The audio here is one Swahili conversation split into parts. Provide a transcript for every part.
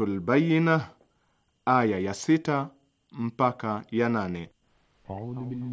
Suratul Bayyina aya ya sita mpaka ya nane. A'udhu billahi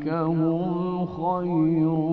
هم خير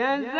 جزاء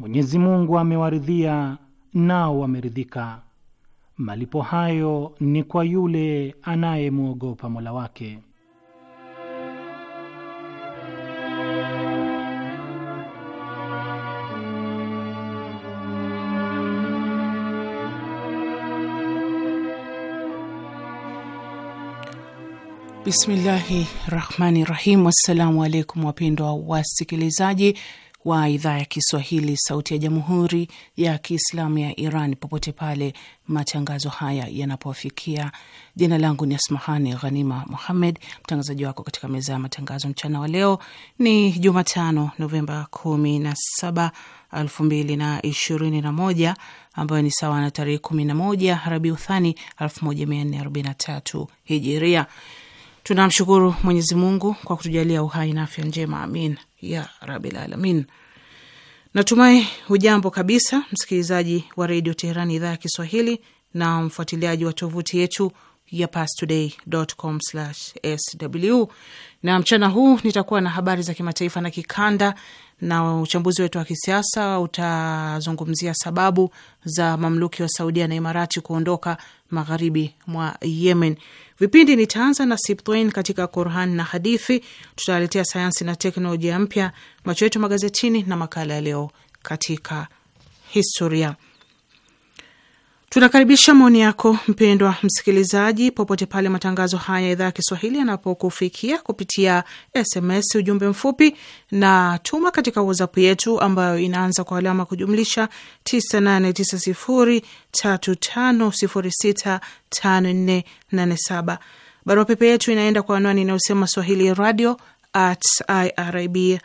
Mwenyezi Mungu amewaridhia nao wameridhika. Malipo hayo ni kwa yule anayemwogopa Mola wake. Bismillahi rahmani rahim. alaikum wapendwa wasikilizaji wa idhaa ya Kiswahili sauti ya jamhuri ya Kiislamu ya Iran popote pale matangazo haya yanapofikia. Jina langu ni Asmahani Ghanima Muhammed, mtangazaji wako katika meza ya matangazo. Mchana wa leo ni Jumatano, Novemba 17, 2021 ambayo ni sawa na tarehe 11 Rabiuthani 1443 Hijiria. Tunamshukuru Mwenyezi Mungu kwa kutujalia uhai na afya njema, amin ya rabil alamin. Natumai hujambo kabisa, msikilizaji wa redio Teherani idhaa ya Kiswahili na mfuatiliaji wa tovuti yetu ya pastoday.com/sw na mchana huu nitakuwa na habari za kimataifa na kikanda, na uchambuzi wetu wa kisiasa utazungumzia sababu za mamluki wa Saudia na Imarati kuondoka magharibi mwa Yemen. Vipindi nitaanza na Sibtain katika Qur'an na hadithi, tutaletea sayansi na teknolojia mpya, macho yetu magazetini, na makala ya leo katika historia. Tunakaribisha maoni yako mpendwa msikilizaji, popote pale matangazo haya ya idhaa ya Kiswahili yanapokufikia kupitia SMS, ujumbe mfupi na tuma katika WhatsApp yetu ambayo inaanza kwa alama kujumlisha 989035065487. Barua pepe yetu inaenda kwa anwani inayosema swahili radio at irib ir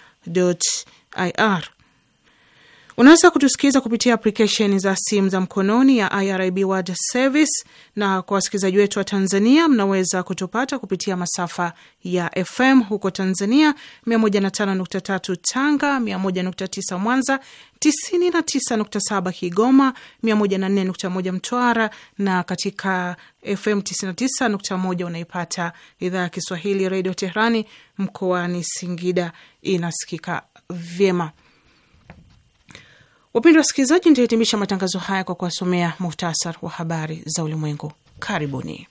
Unaweza kutusikiliza kupitia aplikesheni za simu za mkononi ya IRIB World Service, na kwa wasikilizaji wetu wa Tanzania mnaweza kutupata kupitia masafa ya FM huko Tanzania: 105.3 Tanga, 101.9 Mwanza, 99.7 Kigoma, 104.1 Mtwara, na katika FM 99.1 unaipata idhaa ya Kiswahili Redio Teherani mkoani Singida, inasikika vyema. Wapendwa wasikilizaji, nitahitimisha matangazo haya kwa kuwasomea muhtasar wa habari za ulimwengu. Karibuni.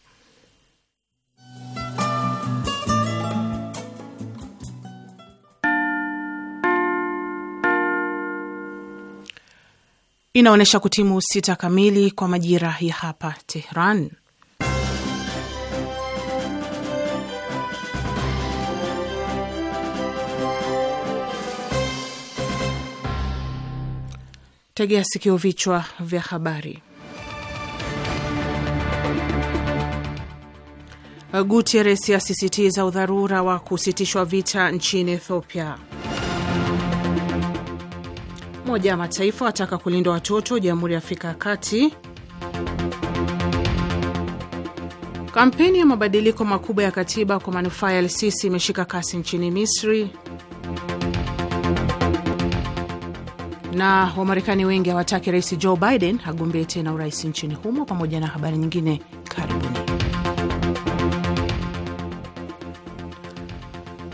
Inaonyesha kutimu sita kamili kwa majira ya hapa Tehran. Tegea sikio, vichwa vya habari. guteres asisitiza udharura wa kusitishwa vita nchini Ethiopia. Umoja wa Mataifa wataka kulinda watoto Jamhuri ya Afrika ya Kati. Kampeni ya mabadiliko makubwa ya katiba kwa manufaa ya El Sisi imeshika kasi nchini Misri. Na Wamarekani wengi hawataki Rais Joe Biden agombee tena urais nchini humo, pamoja na habari nyingine. Karibuni.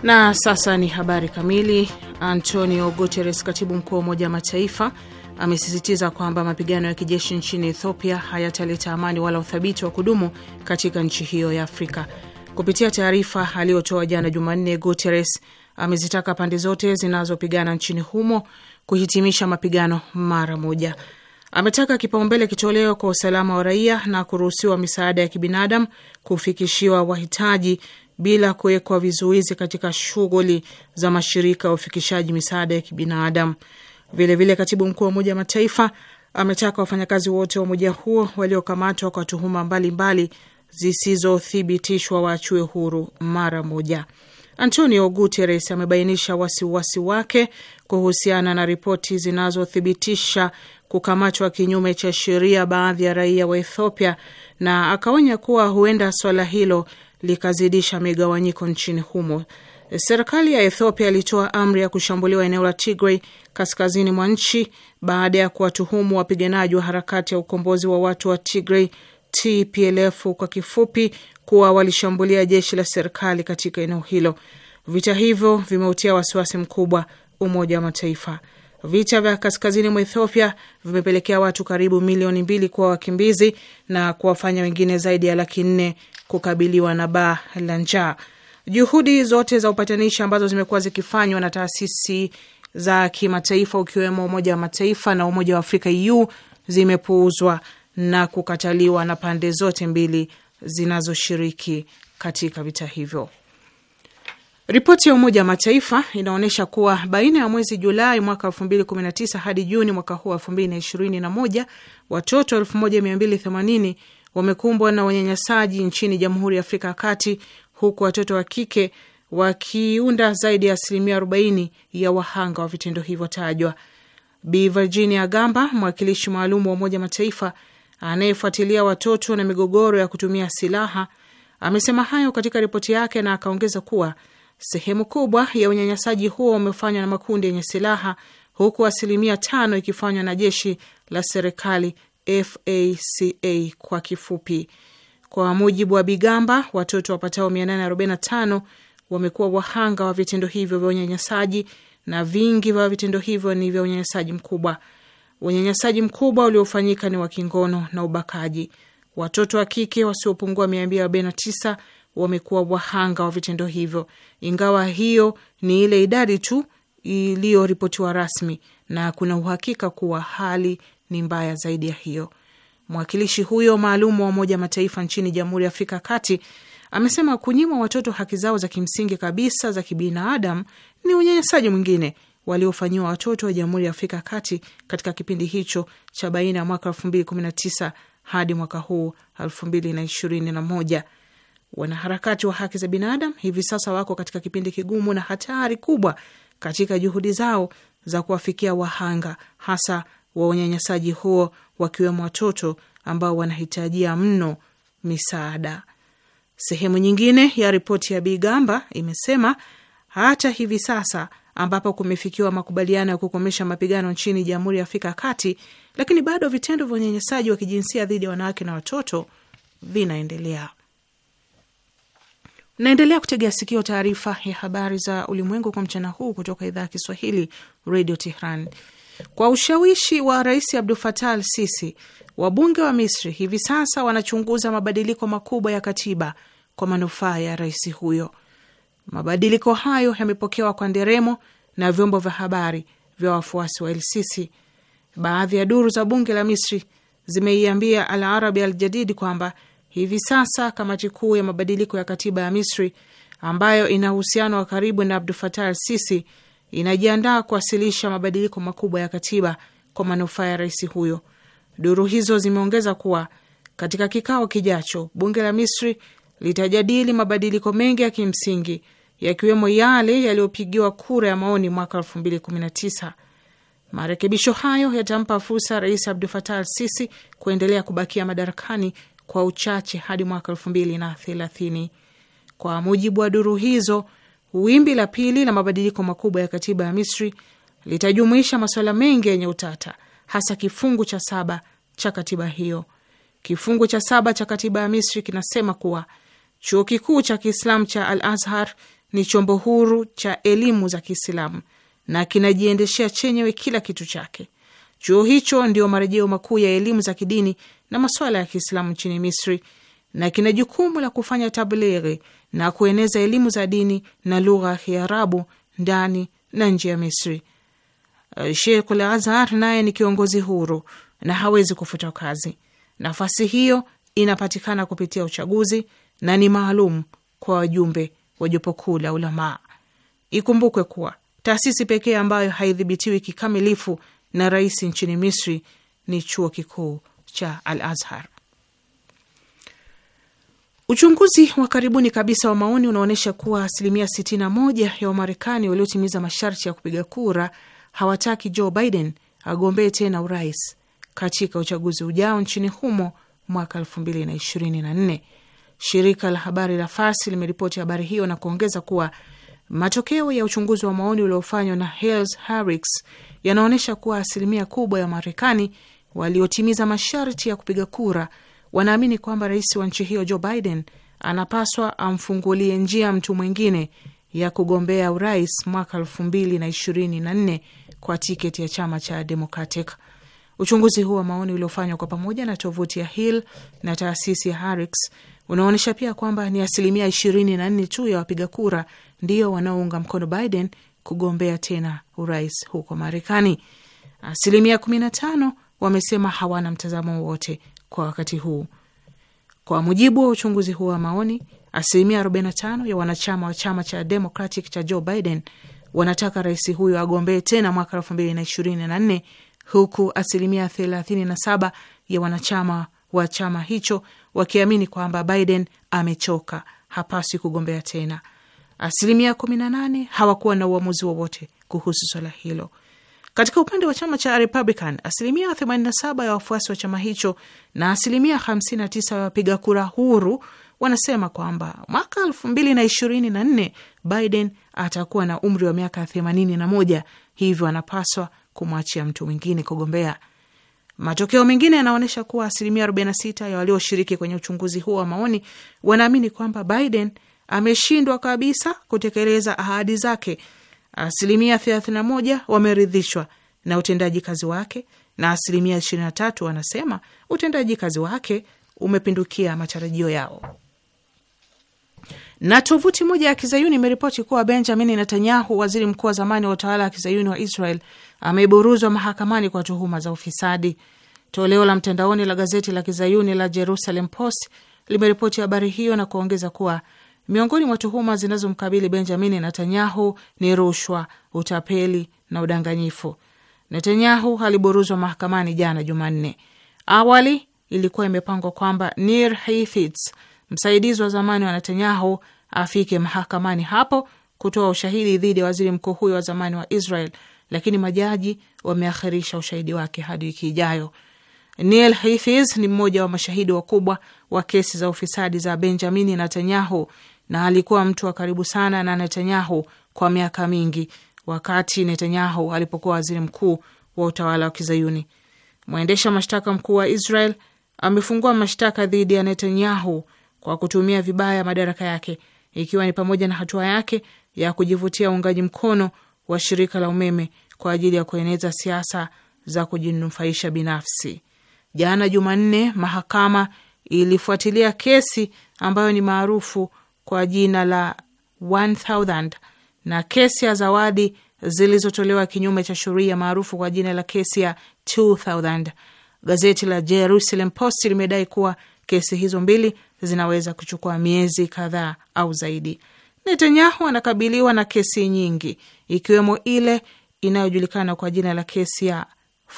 Na sasa ni habari kamili. Antonio Guterres, katibu mkuu wa Umoja wa Mataifa, amesisitiza kwamba mapigano ya kijeshi nchini Ethiopia hayataleta amani wala uthabiti wa kudumu katika nchi hiyo ya Afrika. Kupitia taarifa aliyotoa jana Jumanne, Guterres amezitaka pande zote zinazopigana nchini humo kuhitimisha mapigano mara moja. Ametaka kipaumbele kitolewa kwa usalama wa raia na kuruhusiwa misaada ya kibinadamu kufikishiwa wahitaji bila kuwekwa vizuizi katika shughuli za mashirika ya ufikishaji misaada ya kibinadamu. Vilevile, katibu mkuu wa Umoja wa Mataifa ametaka wafanyakazi wote wa umoja huo waliokamatwa kwa tuhuma mbalimbali zisizothibitishwa waachiwe huru mara moja. Antonio Guterres amebainisha wasiwasi wake kuhusiana na ripoti zinazothibitisha kukamatwa kinyume cha sheria baadhi ya raia wa Ethiopia na akaonya kuwa huenda swala hilo likazidisha migawanyiko nchini humo. Serikali ya Ethiopia ilitoa amri ya kushambuliwa eneo la Tigray kaskazini mwa nchi baada ya kuwatuhumu wapiganaji wa harakati ya ukombozi wa watu wa Tigray TPLF kwa kifupi kuwa walishambulia jeshi la serikali katika eneo hilo. Vita hivyo vimeutia wasiwasi mkubwa Umoja wa Mataifa. Vita vya kaskazini mwa Ethiopia vimepelekea watu karibu milioni mbili kuwa wakimbizi na kuwafanya wengine zaidi ya laki nne kukabiliwa na baa la njaa. Juhudi zote za upatanishi ambazo zimekuwa zikifanywa na taasisi za kimataifa ukiwemo Umoja wa Mataifa na Umoja wa Afrika EU zimepuuzwa na kukataliwa na pande zote mbili zinazoshiriki katika vita hivyo. Ripoti ya Umoja wa Mataifa inaonyesha kuwa baina ya mwezi Julai mwaka 2019 hadi Juni mwaka huu 2021 watoto 1280 wamekumbwa na unyanyasaji nchini Jamhuri ya Afrika ya Kati, huku watoto wa kike wakiunda zaidi ya asilimia 40 ya wahanga wa vitendo hivyo tajwa. Bi Virginia Gamba, mwakilishi maalum wa Umoja Mataifa anayefuatilia watoto na migogoro ya kutumia silaha amesema hayo katika ripoti yake na akaongeza kuwa sehemu kubwa ya unyanyasaji huo umefanywa na makundi yenye silaha huku asilimia tano ikifanywa na jeshi la serikali FACA kwa kifupi. Kwa mujibu wa Bigamba, watoto wapatao 845 wamekuwa wahanga wa vitendo hivyo vya unyanyasaji na vingi vya vitendo hivyo ni vya unyanyasaji mkubwa. Unyanyasaji mkubwa uliofanyika ni wa kingono na ubakaji. Watoto wa kike wasiopungua 249 wamekuwa wahanga wa vitendo hivyo, ingawa hiyo ni ile idadi tu iliyoripotiwa rasmi na kuna uhakika kuwa hali ni mbaya zaidi ya hiyo. Mwakilishi huyo maalum wa Umoja Mataifa nchini Jamhuri ya Afrika Kati amesema kunyimwa watoto haki zao za kimsingi kabisa za kibinadamu ni unyanyasaji mwingine waliofanyiwa watoto wa Jamhuri ya Afrika ya Kati katika kipindi hicho cha baina ya mwaka elfu mbili kumi na tisa hadi mwaka huu elfu mbili na ishirini na moja. Wanaharakati wa haki za binadamu hivi sasa wako katika kipindi kigumu na hatari kubwa katika juhudi zao za kuwafikia wahanga hasa wa unyanyasaji huo, wakiwemo watoto ambao wanahitajia mno misaada. Sehemu nyingine ya ripoti ya Bigamba imesema hata hivi sasa ambapo kumefikiwa makubaliano ya kukomesha mapigano nchini Jamhuri ya Afrika ya Kati, lakini bado vitendo vya unyanyasaji wa kijinsia dhidi ya wanawake na watoto vinaendelea. Naendelea kutegea sikio taarifa ya habari za ulimwengu kwa mchana huu kutoka idhaa ya Kiswahili Radio Tehran. Kwa ushawishi wa Rais Abdul Fatah Al Sisi, wabunge wa Misri hivi sasa wanachunguza mabadiliko makubwa ya katiba kwa manufaa ya rais huyo. Mabadiliko hayo yamepokewa kwa nderemo na vyombo vya habari vya wafuasi wa lcc Baadhi ya duru za bunge la Misri zimeiambia Al Arabi Al Jadid kwamba hivi sasa kamati kuu ya mabadiliko ya katiba ya Misri ambayo ina uhusiano wa karibu na Abdul Fatah Al Sisi inajiandaa kuwasilisha mabadiliko makubwa ya katiba kwa manufaa ya rais huyo. Duru hizo zimeongeza kuwa katika kikao kijacho bunge la Misri litajadili mabadiliko mengi ya kimsingi yakiwemo yale yaliyopigiwa kura ya maoni mwaka tisa. Marekebisho hayo yatampa fursa Rais Abdu Fatah Al Sisi kuendelea kubakia madarakani kwa uchache hadi mwaka thelathini. Kwa mujibu wa duru hizo, wimbi la pili la mabadiliko makubwa ya katiba ya Misri litajumuisha masuala mengi yenye utata, hasa kifungu cha saba cha katiba hiyo. Kifungu cha saba cha katiba ya Misri kinasema kuwa chuo kikuu cha Kiislamu cha Al Azhar ni chombo huru cha elimu za Kiislamu na kinajiendeshea chenyewe kila kitu chake. Chuo hicho ndio marejeo makuu ya elimu za kidini na masuala ya Kiislamu nchini Misri na kina jukumu la kufanya tablighi na kueneza elimu za dini na lugha ya Kiarabu ndani na nje ya Misri. Sheikhul Azhar naye ni kiongozi huru na hawezi kufutwa kazi. Nafasi hiyo inapatikana kupitia uchaguzi na ni maalum kwa wajumbe wa jopo kuu la ulamaa. Ikumbukwe kuwa taasisi pekee ambayo haidhibitiwi kikamilifu na rais nchini Misri ni chuo kikuu cha Al Azhar. Uchunguzi wa karibuni kabisa wa maoni unaonyesha kuwa asilimia 61 ya Wamarekani waliotimiza masharti ya kupiga kura hawataki Joe Biden agombee tena urais katika uchaguzi ujao nchini humo mwaka 2024. Shirika la habari la Farsi limeripoti habari hiyo na kuongeza kuwa matokeo ya uchunguzi wa maoni uliofanywa na Hales Harris yanaonyesha kuwa asilimia kubwa ya Marekani waliotimiza masharti ya kupiga kura wanaamini kwamba rais wa nchi hiyo Joe Biden anapaswa amfungulie njia mtu mwingine ya kugombea urais mwaka elfu mbili na ishirini na nne kwa tiketi ya chama cha Democratic. Uchunguzi huu wa maoni uliofanywa kwa pamoja na tovuti ya Hill na taasisi ya Harris unaonyesha pia kwamba ni asilimia ishirini na nne tu ya wapiga kura ndio wanaounga mkono Biden kugombea tena urais huko Marekani. Asilimia kumi na tano wamesema hawana mtazamo wowote kwa wakati huu. Kwa mujibu wa uchunguzi huo wa maoni, asilimia 45 ya wanachama wa chama cha Democratic cha Joe Biden wanataka rais huyo agombee tena mwaka elfu mbili na ishirini na nne huku asilimia 37 ya wanachama wa chama hicho wakiamini kwamba Biden amechoka, hapaswi kugombea tena. Asilimia kumi na nane hawakuwa na uamuzi wowote kuhusu swala hilo. Katika upande wa chama cha Republican, asilimia 87 ya wafuasi wa chama hicho na asilimia 59 ya wapiga kura huru wanasema kwamba mwaka 2024 Biden atakuwa na umri wa miaka 81, hivyo anapaswa kumwachia mtu mwingine kugombea. Matokeo mengine yanaonyesha kuwa asilimia 46 ya walioshiriki kwenye uchunguzi huo wa maoni wanaamini kwamba Biden ameshindwa kabisa kutekeleza ahadi zake. Asilimia 31 wameridhishwa na utendaji kazi wake na asilimia 23 wanasema utendaji kazi wake umepindukia matarajio yao. Na tovuti moja ya kizayuni imeripoti kuwa Benjamin Netanyahu, waziri mkuu wa zamani wa utawala wa kizayuni wa Israel, ameburuzwa mahakamani kwa tuhuma za ufisadi. Toleo la mtandaoni la gazeti la kizayuni la Jerusalem Post limeripoti habari hiyo na kuongeza kuwa miongoni mwa tuhuma zinazomkabili Benjamin Netanyahu ni rushwa, utapeli na udanganyifu. Netanyahu aliburuzwa mahakamani jana Jumanne. Awali ilikuwa imepangwa kwamba Nir Heifetz msaidizi wa zamani wa Netanyahu afike mahakamani hapo kutoa ushahidi dhidi ya waziri mkuu huyo wa zamani wa Israel, lakini majaji wameakhirisha ushahidi wake hadi wiki ijayo. Neil Hafez ni mmoja wa mashahidi wakubwa wa kesi za ufisadi za Benjamini Netanyahu na alikuwa mtu wa karibu sana na Netanyahu kwa miaka mingi, wakati Netanyahu alipokuwa waziri mkuu wa utawala wa Kizayuni. Mwendesha mashtaka mkuu wa Israel amefungua mashtaka dhidi ya Netanyahu kwa kutumia vibaya madaraka yake, ikiwa ni pamoja na hatua yake ya kujivutia uungaji mkono wa shirika la umeme kwa ajili ya kueneza siasa za kujinufaisha binafsi. Jana Jumanne, mahakama ilifuatilia kesi ambayo ni maarufu kwa jina la 1000 na kesi ya zawadi zilizotolewa kinyume cha sheria maarufu kwa jina la kesi ya 2000. Gazeti la Jerusalem Post limedai kuwa kesi hizo mbili zinaweza kuchukua miezi kadhaa au zaidi. Netanyahu anakabiliwa na kesi nyingi ikiwemo ile inayojulikana kwa jina la kesi ya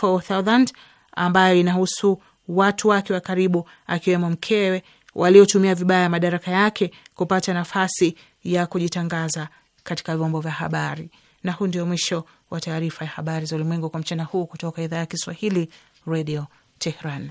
4000 ambayo inahusu watu wake wa karibu akiwemo mkewe waliotumia vibaya madaraka yake kupata nafasi ya kujitangaza katika vyombo vya habari. Na huu ndio mwisho wa taarifa ya habari za ulimwengu kwa mchana huu kutoka idhaa ya Kiswahili, Radio Tehran.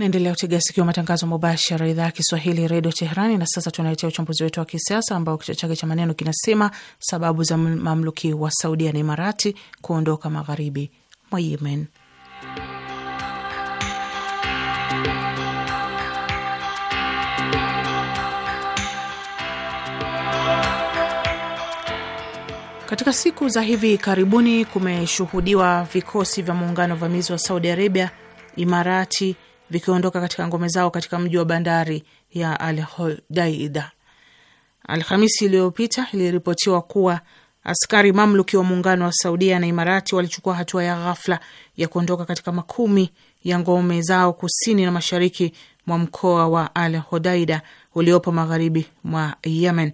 Naendelea kutega sikio matangazo mubashara idhaa ya Kiswahili redio Teherani. Na sasa tunaletea uchambuzi wetu wa kisiasa ambao kichwa chake cha maneno kinasema sababu za mamluki wa Saudia na Imarati kuondoka magharibi mwa Yemen. Katika siku za hivi karibuni kumeshuhudiwa vikosi vya muungano wa vamizi wa Saudi Arabia, Imarati, vikiondoka katika ngome zao katika mji wa bandari ya Al Hodaida. Alhamisi iliyopita iliripotiwa kuwa askari mamluki wa muungano wa Saudia na Imarati walichukua hatua ya ghafla ya kuondoka katika makumi ya ngome zao kusini na mashariki mwa mkoa wa Al Hudaida uliopo magharibi mwa Yemen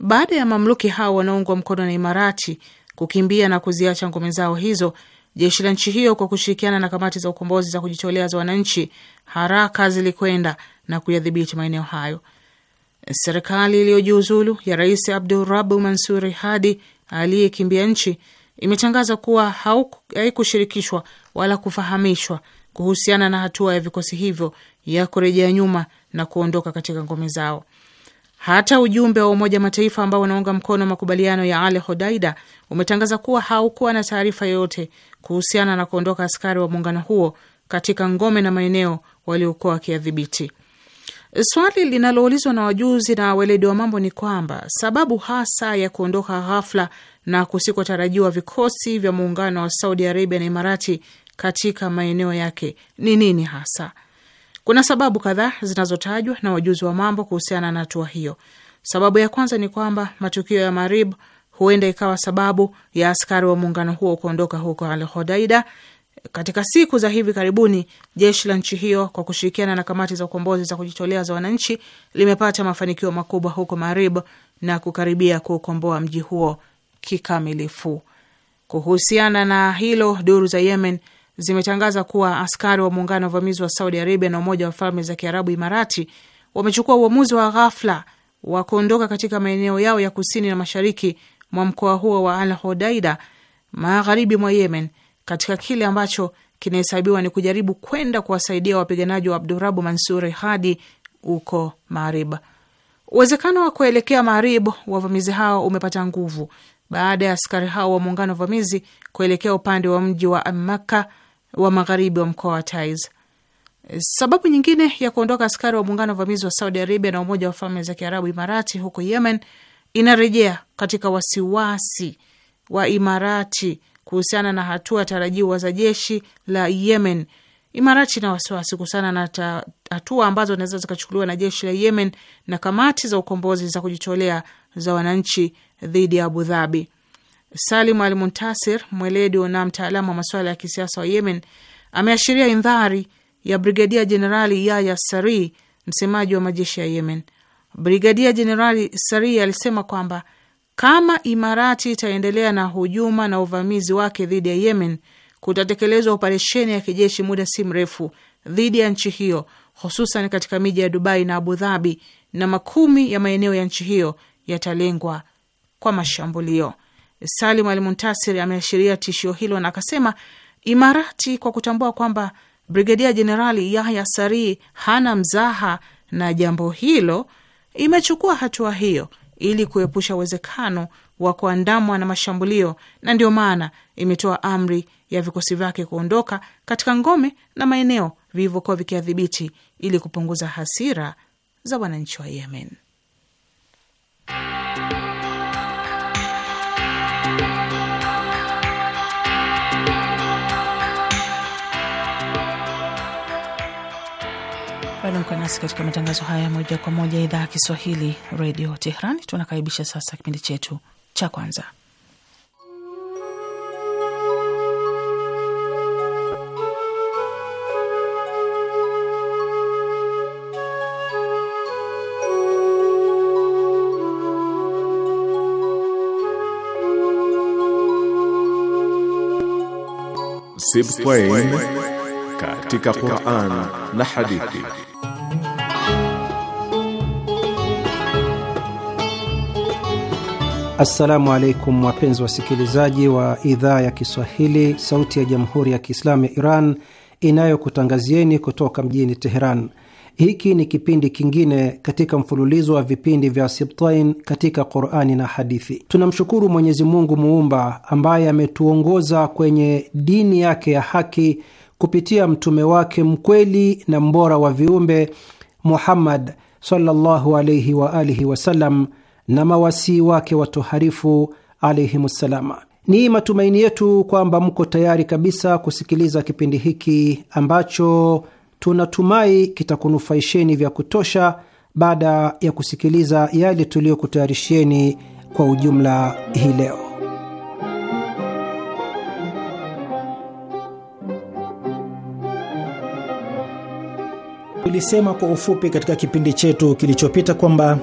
baada ya mamluki hao wanaoungwa mkono na Imarati kukimbia na kuziacha ngome zao hizo Jeshi la nchi hiyo kwa kushirikiana na kamati za ukombozi za kujitolea za wananchi haraka zilikwenda na kuyadhibiti maeneo hayo. Serikali iliyojiuzulu ya Rais Abdurabu Mansuri Hadi aliyekimbia nchi imetangaza kuwa haikushirikishwa wala kufahamishwa kuhusiana na hatua ya vikosi hivyo ya kurejea nyuma na kuondoka katika ngome zao. Hata ujumbe wa Umoja Mataifa ambao unaunga mkono makubaliano ya Al Hodaida umetangaza kuwa haukuwa na taarifa yoyote kuhusiana na kuondoka askari wa muungano huo katika ngome na maeneo waliokuwa wakiyadhibiti. Swali linaloulizwa na wajuzi na weledi wa mambo ni kwamba sababu hasa ya kuondoka ghafla na kusikotarajiwa vikosi vya muungano wa Saudi Arabia na Imarati katika maeneo yake ni nini hasa? Kuna sababu kadhaa zinazotajwa na wajuzi wa mambo kuhusiana na hatua hiyo. Sababu ya kwanza ni kwamba matukio ya Marib huenda ikawa sababu ya askari wa muungano huo kuondoka huko Al Hodaida. Katika siku za hivi karibuni, jeshi la nchi hiyo kwa kushirikiana na kamati za ukombozi za kujitolea za wananchi limepata mafanikio makubwa huko Marib na kukaribia kuukomboa mji huo kikamilifu. Kuhusiana na hilo, duru za Yemen zimetangaza kuwa askari wa muungano wa uvamizi wa Saudi Arabia na Umoja wa Falme za Kiarabu, Imarati, wamechukua uamuzi wa ghafla wa kuondoka katika maeneo yao ya kusini na mashariki mwa mkoa huo wa Al Hudaida magharibi mwa Yemen, katika kile ambacho kinahesabiwa ni kujaribu kwenda kuwasaidia wapiganaji wa Abdurabu Mansuri hadi huko Marib. Uwezekano wa kuelekea Marib wavamizi hao umepata nguvu baada ya askari hao wa muungano vamizi kuelekea upande wa mji wa Amaka wa magharibi wa mkoa wa Taiz. Sababu nyingine ya kuondoka askari wa muungano vamizi wa Saudi Arabia na Umoja wa Falme za Kiarabu Imarati huko Yemen inarejea katika wasiwasi wa Imarati kuhusiana na hatua tarajiwa za jeshi la Yemen. Imarati ina wasiwasi kuhusiana na ta, hatua ambazo zinaweza zikachukuliwa na jeshi la Yemen na kamati za ukombozi za kujitolea za wananchi dhidi ya Abu Dhabi. Salim Al Muntasir, mweledi na mtaalamu wa masuala ya kisiasa wa Yemen, ameashiria indhari ya Brigedia Jenerali yaya Sari, msemaji wa majeshi ya Yemen. Brigadia Jenerali Saria alisema kwamba kama Imarati itaendelea na hujuma na uvamizi wake dhidi ya Yemen, kutatekelezwa operesheni ya kijeshi muda si mrefu dhidi ya nchi hiyo, hususan katika miji ya Dubai na Abu Dhabi, na makumi ya maeneo ya nchi hiyo yatalengwa kwa mashambulio. Salim Al Muntasir ameashiria tishio hilo na akasema Imarati kwa kutambua kwamba Brigadia Jenerali Yahya Sari hana mzaha na jambo hilo imechukua hatua hiyo ili kuepusha uwezekano wa kuandamwa na mashambulio, na ndio maana imetoa amri ya vikosi vyake kuondoka katika ngome na maeneo vilivyokuwa vikiadhibiti ili kupunguza hasira za wananchi wa Yemen. Bado mko nasi katika matangazo haya moja kwa moja, idhaa ya Kiswahili redio tehran Tunakaribisha sasa kipindi chetu cha kwanza, Sibtain katika Quran na hadithi Assalamu alaikum wapenzi wasikilizaji wa idhaa ya Kiswahili, sauti ya jamhuri ya kiislamu ya Iran inayokutangazieni kutoka mjini Teheran. Hiki ni kipindi kingine katika mfululizo wa vipindi vya Sibtain katika Qurani na hadithi. Tunamshukuru Mwenyezi Mungu muumba ambaye ametuongoza kwenye dini yake ya haki kupitia mtume wake mkweli na mbora wa viumbe Muhammad sallallahu alaihi wa alihi wasallam na mawasii wake watoharifu alaihimussalama. Ni matumaini yetu kwamba mko tayari kabisa kusikiliza kipindi hiki ambacho tunatumai kitakunufaisheni vya kutosha baada ya kusikiliza yale tuliyokutayarishieni kwa ujumla hii leo. Tulisema kwa ufupi katika kipindi chetu kilichopita kwamba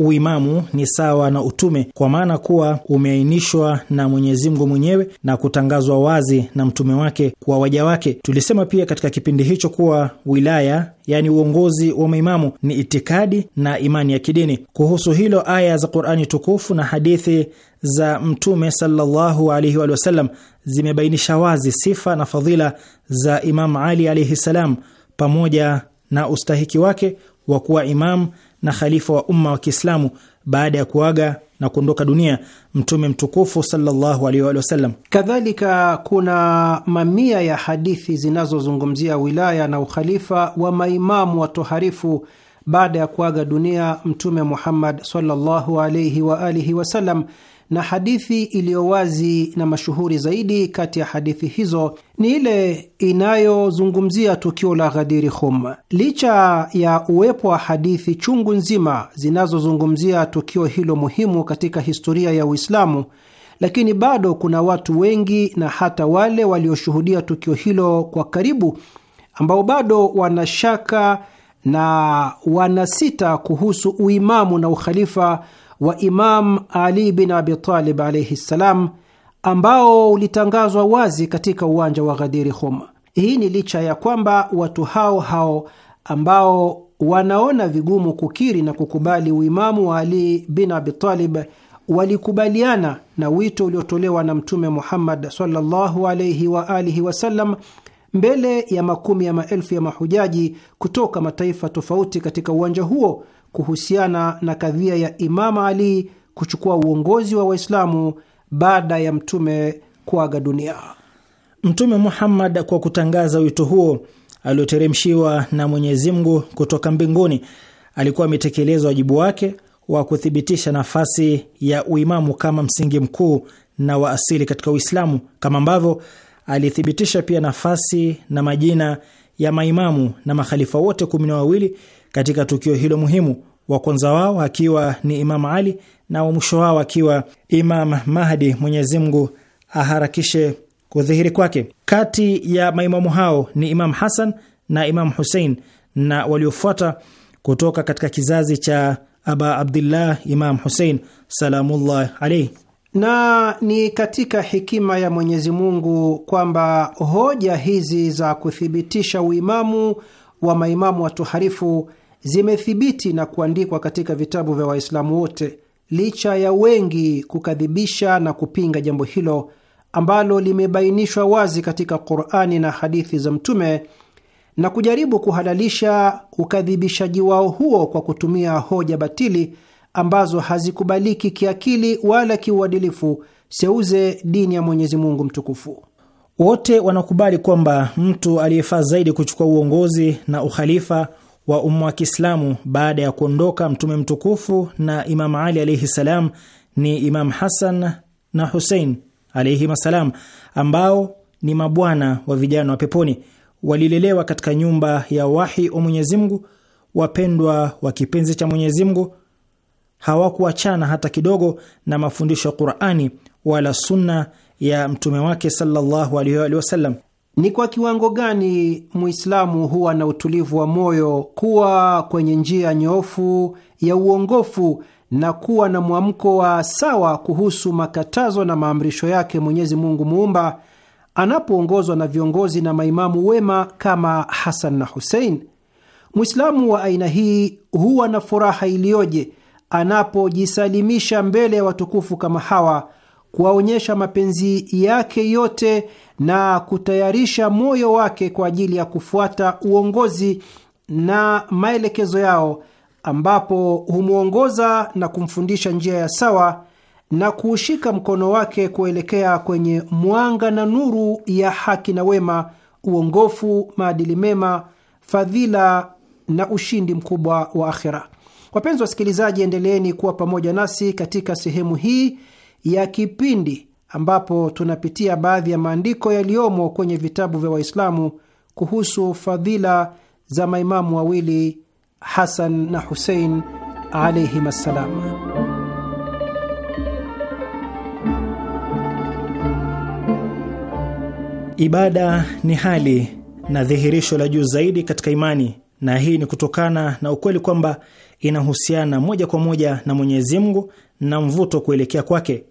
uimamu ni sawa na utume, kwa maana kuwa umeainishwa na Mwenyezi Mungu mwenyewe na kutangazwa wazi na mtume wake kwa waja wake. Tulisema pia katika kipindi hicho kuwa wilaya yaani uongozi wa maimamu ni itikadi na imani ya kidini. Kuhusu hilo, aya za Qur'ani tukufu na hadithi za Mtume sallallahu alaihi wa sallam zimebainisha wazi sifa na fadhila za Imamu Ali alaihi salam pamoja na ustahiki wake wa kuwa imamu na khalifa wa umma wa Kiislamu baada ya kuaga na kuondoka dunia mtume mtukufu sallallahu alaihi wa sallam. Kadhalika, kuna mamia ya hadithi zinazozungumzia wilaya na ukhalifa wa maimamu watoharifu baada ya kuaga dunia mtume Muhammad sallallahu alaihi wa alihi wasallam na hadithi iliyo wazi na mashuhuri zaidi kati ya hadithi hizo ni ile inayozungumzia tukio la ghadiri Khum. Licha ya uwepo wa hadithi chungu nzima zinazozungumzia tukio hilo muhimu katika historia ya Uislamu, lakini bado kuna watu wengi na hata wale walioshuhudia tukio hilo kwa karibu, ambao bado wanashaka na wanasita kuhusu uimamu na ukhalifa wa Imam Ali bin Abi Talib alaihi ssalam, ambao ulitangazwa wazi katika uwanja wa Ghadiri Khum. Hii ni licha ya kwamba watu hao hao ambao wanaona vigumu kukiri na kukubali uimamu wa Ali bin Abi Talib walikubaliana na wito uliotolewa na Mtume Muhammad sallallahu alaihi wa alihi wasallam mbele ya makumi ya maelfu ya mahujaji kutoka mataifa tofauti katika uwanja huo kuhusiana na kadhia ya Imama Ali kuchukua uongozi wa Waislamu baada ya mtume kuaga dunia. Mtume Muhammad, kwa kutangaza wito huo alioteremshiwa na Mwenyezi Mungu kutoka mbinguni, alikuwa ametekeleza wajibu wake wa kuthibitisha nafasi ya uimamu kama msingi mkuu na wa asili katika Uislamu, kama ambavyo alithibitisha pia nafasi na majina ya maimamu na makhalifa wote kumi na wawili katika tukio hilo muhimu, wa kwanza wao akiwa ni Imam Ali na wa mwisho wao akiwa Imam Mahdi, Mwenyezi Mungu aharakishe kudhihiri kwake. Kati ya maimamu hao ni Imam Hasan na Imam Husein na waliofuata kutoka katika kizazi cha Aba Abdillah Imam Husein salamullah alaihi. Na ni katika hikima ya Mwenyezi Mungu kwamba hoja hizi za kuthibitisha uimamu wa maimamu watuharifu zimethibiti na kuandikwa katika vitabu vya Waislamu wote licha ya wengi kukadhibisha na kupinga jambo hilo ambalo limebainishwa wazi katika Qur'ani na hadithi za Mtume na kujaribu kuhalalisha ukadhibishaji wao huo kwa kutumia hoja batili ambazo hazikubaliki kiakili wala kiuadilifu seuze dini ya Mwenyezi Mungu mtukufu. Wote wanakubali kwamba mtu aliyefaa zaidi kuchukua uongozi na ukhalifa wa umma wa Kiislamu baada ya kuondoka mtume mtukufu na Imam Ali alaihi salam ni Imam Hasan na Husein alaihim assalam, ambao ni mabwana wa vijana wa peponi. Walilelewa katika nyumba ya wahi wa Mwenyezi Mungu, wapendwa wa kipenzi cha Mwenyezi Mungu. Hawakuachana hata kidogo na mafundisho ya Qurani wala sunna ya mtume wake sallallahu alaihi wasallam. Ni kwa kiwango gani Muislamu huwa na utulivu wa moyo kuwa kwenye njia nyofu ya uongofu na kuwa na mwamko wa sawa kuhusu makatazo na maamrisho yake Mwenyezi Mungu muumba anapoongozwa na viongozi na maimamu wema kama Hasan na Husein. Mwislamu wa aina hii huwa na furaha iliyoje anapojisalimisha mbele ya watukufu kama hawa kuwaonyesha mapenzi yake yote na kutayarisha moyo wake kwa ajili ya kufuata uongozi na maelekezo yao, ambapo humwongoza na kumfundisha njia ya sawa na kuushika mkono wake kuelekea kwenye mwanga na nuru ya haki na wema, uongofu, maadili mema, fadhila na ushindi mkubwa wa akhira. Wapenzi wasikilizaji, endeleeni kuwa pamoja nasi katika sehemu hii ya kipindi ambapo tunapitia baadhi ya maandiko yaliyomo kwenye vitabu vya Waislamu kuhusu fadhila za maimamu wawili Hasan na Husein alaihim assalam. Ibada ni hali na dhihirisho la juu zaidi katika imani, na hii ni kutokana na ukweli kwamba inahusiana moja kwa moja na Mwenyezi Mungu na mvuto kuelekea kwake.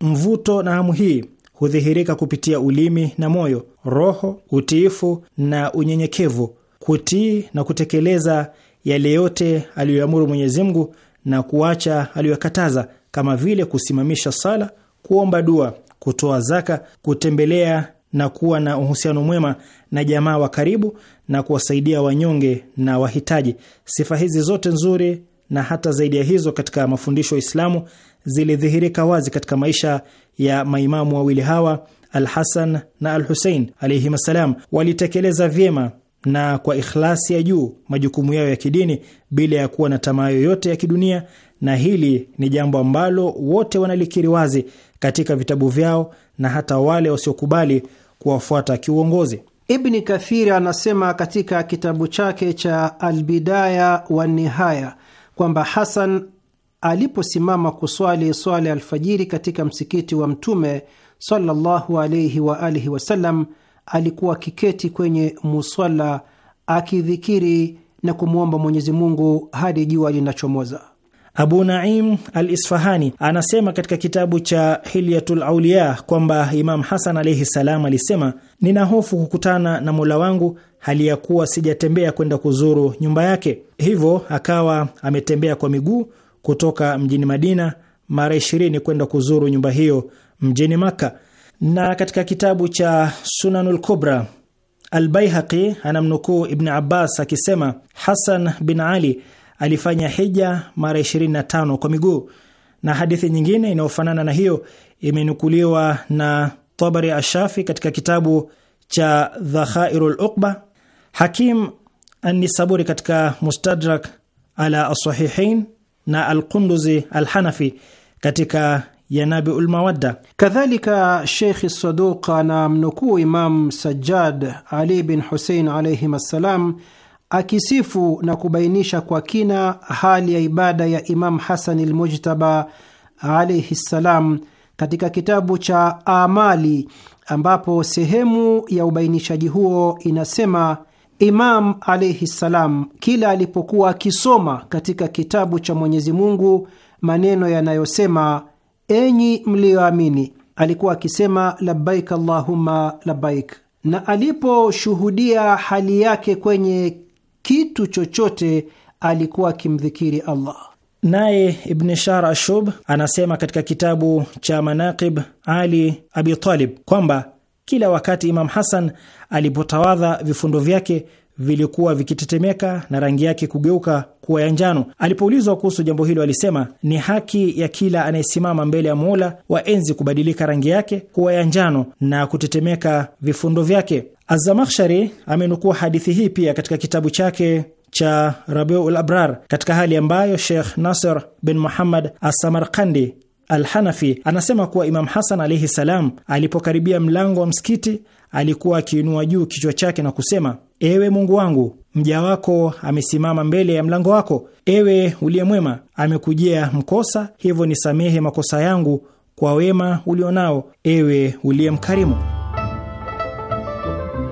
Mvuto na hamu hii hudhihirika kupitia ulimi na moyo, roho, utiifu na unyenyekevu, kutii na kutekeleza yale yote aliyoamuru Mwenyezi Mungu na kuacha aliyokataza, kama vile kusimamisha sala, kuomba dua, kutoa zaka, kutembelea na kuwa na uhusiano mwema na jamaa wa karibu na kuwasaidia wanyonge na wahitaji. Sifa hizi zote nzuri na hata zaidi ya hizo katika mafundisho ya Uislamu zilidhihirika wazi katika maisha ya maimamu wawili hawa Al-Hasan na Al-Husein alayhim assalam. Walitekeleza vyema na kwa ikhlasi ya juu majukumu yao ya kidini bila ya kuwa na tamaa yoyote ya kidunia, na hili ni jambo ambalo wote wanalikiri wazi katika vitabu vyao na hata wale wasiokubali kuwafuata kiuongozi. Ibni Kathiri anasema katika kitabu chake cha Albidaya wa Nihaya kwamba Hasan aliposimama kuswali swala alfajiri katika msikiti wa Mtume sallallahu alayhi wa alihi wasallam, alikuwa akiketi kwenye muswala akidhikiri na kumwomba Mwenyezi Mungu hadi jua linachomoza. Abu Naim al-Isfahani anasema katika kitabu cha Hilyatul Auliya kwamba Imam Hasan alaihi salam alisema, nina hofu kukutana na Mola wangu hali ya kuwa sijatembea kwenda kuzuru nyumba yake, hivyo akawa ametembea kwa miguu kutoka mjini Madina mara 20 kwenda kuzuru nyumba hiyo mjini Makka. Na katika kitabu cha Sunanul Kubra, Albaihaqi anamnukuu Ibn Abbas akisema Hasan bin Ali alifanya hija mara 25 kwa miguu, na hadithi nyingine inayofanana na hiyo imenukuliwa na Tabari Ashafi katika kitabu cha Dhakhairu Uqba, Hakim Anisaburi katika Mustadrak ala Asahihain na Alqunduzi Alhanafi katika yanabi Ulmawadda. Kadhalika, Sheikh Saduq ana mnukuu Imam Sajjad Ali bin Husein alaihim assalam akisifu na kubainisha kwa kina hali ya ibada ya Imam Hasan lmujtaba alaihi ssalam katika kitabu cha Amali, ambapo sehemu ya ubainishaji huo inasema Imam alaihi ssalam kila alipokuwa akisoma katika kitabu cha Mwenyezi Mungu maneno yanayosema enyi mliyoamini, alikuwa akisema labbaik allahumma labbaik, na aliposhuhudia hali yake kwenye kitu chochote alikuwa akimdhikiri Allah. Naye Ibn shahr Ashub anasema katika kitabu cha Manaqib Ali Abi Talib kwamba kila wakati Imam Hasan alipotawadha vifundo vyake vilikuwa vikitetemeka na rangi yake kugeuka kuwa ya njano. Alipoulizwa kuhusu jambo hilo, alisema ni haki ya kila anayesimama mbele ya Mola wa enzi kubadilika rangi yake kuwa ya njano na kutetemeka vifundo vyake. Azamakhshari amenukua hadithi hii pia katika kitabu chake cha Rabiul Abrar katika hali ambayo Sheikh Nasr bin Muhammad Asamarkandi alhanafi anasema kuwa Imam Hasan alaihi salam alipokaribia mlango wa msikiti alikuwa akiinua juu kichwa chake na kusema: ewe Mungu wangu, mja wako amesimama mbele ya mlango wako. Ewe uliye mwema, amekujia mkosa, hivyo nisamehe makosa yangu kwa wema ulionao, ewe uliye mkarimu.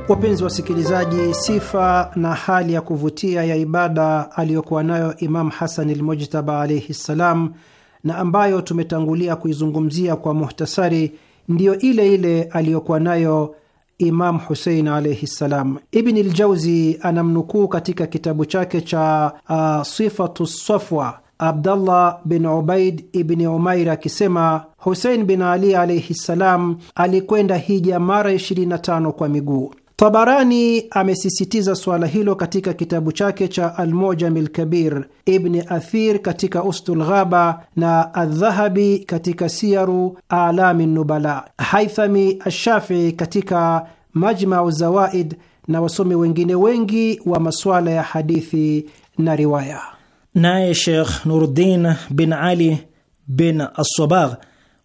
Wapenzi wasikilizaji, sifa na hali ya kuvutia ya ibada aliyokuwa nayo Imam Hasan Almujtaba alaihi ssalam na ambayo tumetangulia kuizungumzia kwa muhtasari, ndiyo ile ile aliyokuwa nayo Imam Husein alaihi ssalam. Ibn Ljauzi anamnukuu katika kitabu chake cha uh, Sifatu Safwa Abdallah bin Ubaid ibni Umair akisema Husein bin Ali alaihi ssalam alikwenda hija mara 25 kwa miguu. Tabarani amesisitiza suala hilo katika kitabu chake cha Almujamil Kabir, Ibni Athir katika Ustul Ghaba na Aldhahabi katika Siyaru Alami Nubala, Haithami Ashafii katika Majmau Zawaid na wasomi wengine wengi wa masuala ya hadithi na riwaya. Naye Shekh Nuruddin bin Ali bin Assobagh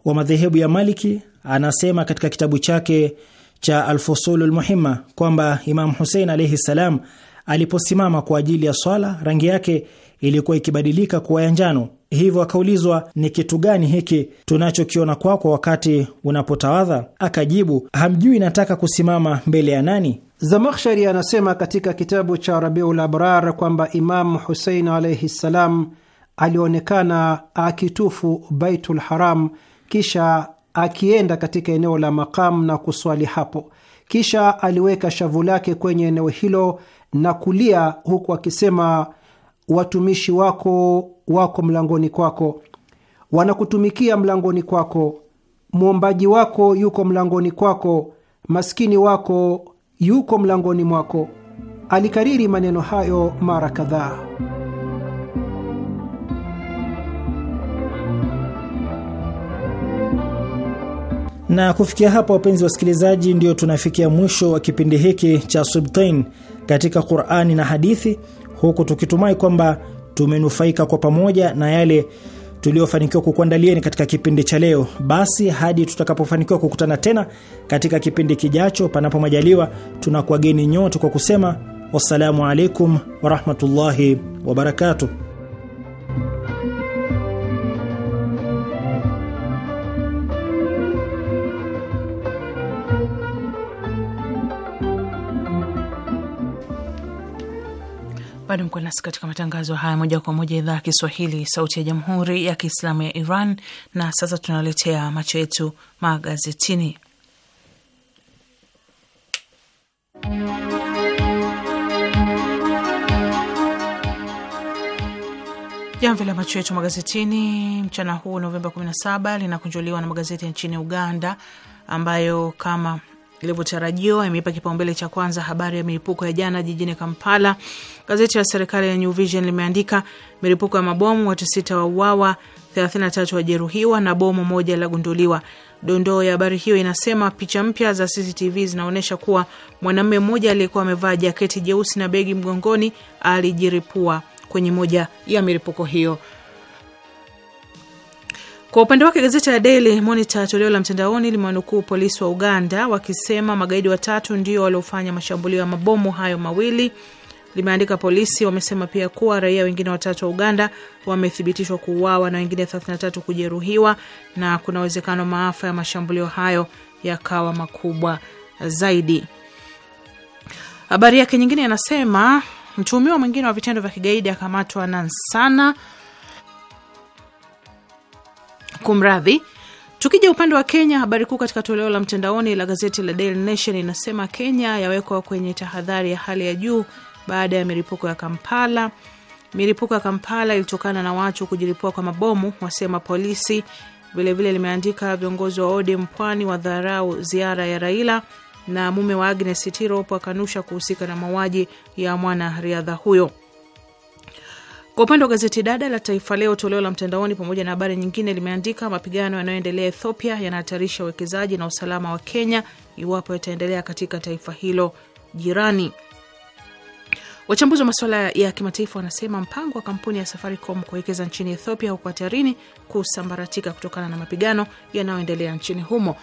wa madhehebu ya Maliki anasema katika kitabu chake cha Alfusulu Lmuhima kwamba Imamu Husein alaihi ssalam aliposimama kwa ajili ya swala rangi yake ilikuwa ikibadilika kuwa ya njano. Hivyo akaulizwa, ni kitu gani hiki tunachokiona kwako kwa wakati unapotawadha? Akajibu, hamjui nataka kusimama mbele ya nani? Zamakhshari anasema katika kitabu cha Rabiul Abrar kwamba Imamu Husein alaihi ssalam alionekana akitufu Baitul Haram, kisha akienda katika eneo la makamu na kuswali hapo. Kisha aliweka shavu lake kwenye eneo hilo na kulia huku akisema, watumishi wako wako mlangoni kwako, wanakutumikia mlangoni kwako. Mwombaji wako yuko mlangoni kwako, maskini wako yuko mlangoni mwako. Alikariri maneno hayo mara kadhaa. Na kufikia hapa, wapenzi wasikilizaji, ndio tunafikia mwisho wa kipindi hiki cha Sibtain katika Qur'ani na hadithi, huku tukitumai kwamba tumenufaika kwa pamoja na yale tuliofanikiwa kukuandalieni katika kipindi cha leo. Basi hadi tutakapofanikiwa kukutana tena katika kipindi kijacho, panapo majaliwa, tunakuwageni nyote kwa kusema wassalamu alaikum warahmatullahi wabarakatuh. Bado mko nasi katika matangazo haya moja kwa moja, idhaa ya Kiswahili, sauti ya jamhuri ya kiislamu ya Iran. Na sasa tunaletea macho yetu magazetini. Jamvi la macho yetu magazetini mchana huu Novemba 17 linakunjuliwa na magazeti ya nchini Uganda ambayo kama ilivyotarajiwa imeipa kipaumbele cha kwanza habari ya milipuko ya jana jijini Kampala. Gazeti la serikali ya New Vision limeandika milipuko ya mabomu, watu sita wauawa, 33 wajeruhiwa na bomu moja lagunduliwa. Dondoo ya habari hiyo inasema picha mpya za CCTV zinaonyesha kuwa mwanamume mmoja aliyekuwa amevaa jaketi jeusi na begi mgongoni alijiripua kwenye moja ya milipuko hiyo. Kwa upande wake gazeti la Daily Monitor toleo la mtandaoni limewanukuu polisi wa Uganda wakisema magaidi watatu ndio waliofanya mashambulio ya mabomu hayo mawili. Limeandika polisi wamesema pia kuwa raia wengine watatu wa Uganda wamethibitishwa kuuawa na wengine 33 kujeruhiwa, na kuna uwezekano maafa ya mashambulio hayo yakawa makubwa zaidi. Habari yake nyingine inasema mtuhumiwa mwingine wa vitendo vya kigaidi akamatwa Nansana Kumradhi. Tukija upande wa Kenya, habari kuu katika toleo la mtandaoni la gazeti la Daily Nation inasema Kenya yawekwa kwenye tahadhari ya hali ya juu baada ya milipuko ya Kampala. Milipuko ya Kampala ilitokana na watu kujilipua kwa mabomu, wasema polisi. Vilevile limeandika viongozi wa ODM pwani dharau ziara ya Raila, na mume wa Agnes Tirop akanusha kuhusika na mauaji ya mwanariadha huyo. Kwa upande wa gazeti dada la Taifa Leo toleo la mtandaoni, pamoja na habari nyingine, limeandika mapigano yanayoendelea Ethiopia yanahatarisha uwekezaji na usalama wa Kenya iwapo yataendelea katika taifa hilo jirani. Wachambuzi wa masuala ya kimataifa wanasema mpango wa kampuni ya Safaricom kuwekeza nchini Ethiopia huko hatarini kusambaratika kutokana na mapigano yanayoendelea nchini humo.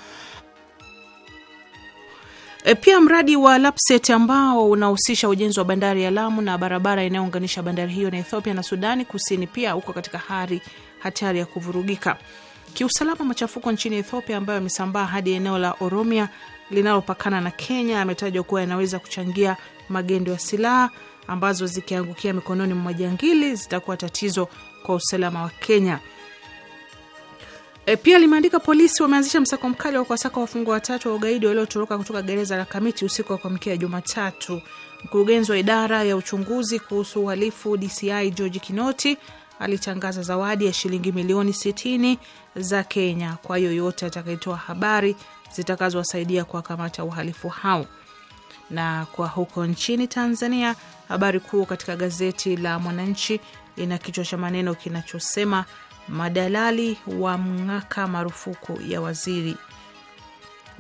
E, pia mradi wa lapset ambao unahusisha ujenzi wa bandari ya Lamu na barabara inayounganisha bandari hiyo na Ethiopia na Sudani Kusini pia uko katika hali hatari ya kuvurugika kiusalama. Machafuko nchini Ethiopia ambayo yamesambaa hadi eneo la Oromia linalopakana na Kenya ametajwa kuwa yanaweza kuchangia magendo ya silaha ambazo zikiangukia mikononi mwa majangili zitakuwa tatizo kwa usalama wa Kenya. E, pia limeandika polisi wameanzisha msako mkali wa kuwasaka wafungwa watatu wa ugaidi waliotoroka kutoka gereza la Kamiti usiku wa kuamkia Jumatatu. Mkurugenzi wa idara ya uchunguzi kuhusu uhalifu DCI George Kinoti alitangaza zawadi ya shilingi milioni 60 za Kenya kwa yoyote atakayetoa habari zitakazowasaidia kuwakamata uhalifu hao. Na kwa huko nchini Tanzania, habari kuu katika gazeti la Mwananchi ina kichwa cha maneno kinachosema Madalali wa mng'aka marufuku ya waziri.